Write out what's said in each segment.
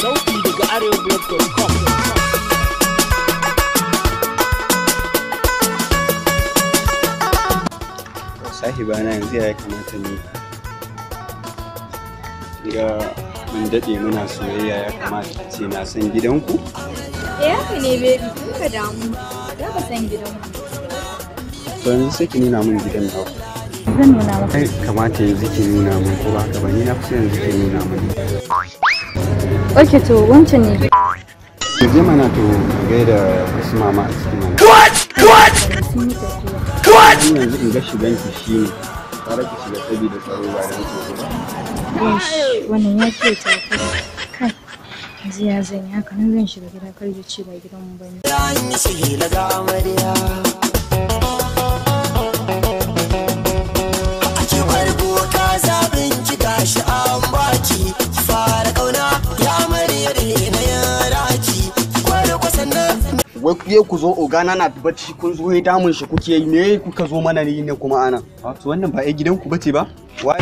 Sauti daga arewablog.com sahiba na yanzu ya kamata ni ga mun daɗe muna soyayya ya kamata ce na san gidanku? Eh haka ne baby, kun ka damu, za ka san gidanku. To yanzu sai ki nuna min gidan naku. Zan nuna maka. Kai kamata yanzu ki nuna min ko ba ka ba ni na fi yanzu ki nuna min. ok to wancan ne je mana to gaida su mama a cikin mana what what what yanzu in ga shigan ki shi ne tsara ki shiga saboda tsaro ba da tsoro ba wannan ya ce ta kai yanzu ya zan haka nan zan shiga gida kar ya ce ba gidan mu bane wai ku ku zo ogana na bacci kun zo ya damun shi kuke yi me kuka zo mana ne ne kuma ana wato wannan ba ai gidanku bace ba wai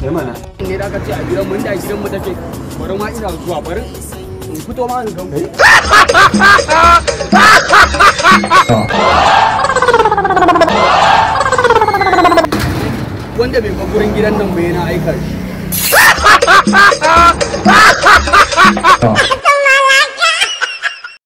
ne mana ne da ka ce a gidan mun da gidan mu take bari ma ina zuwa bari in fito ma in ganku wanda bai ba gurin gidan nan bai na aika shi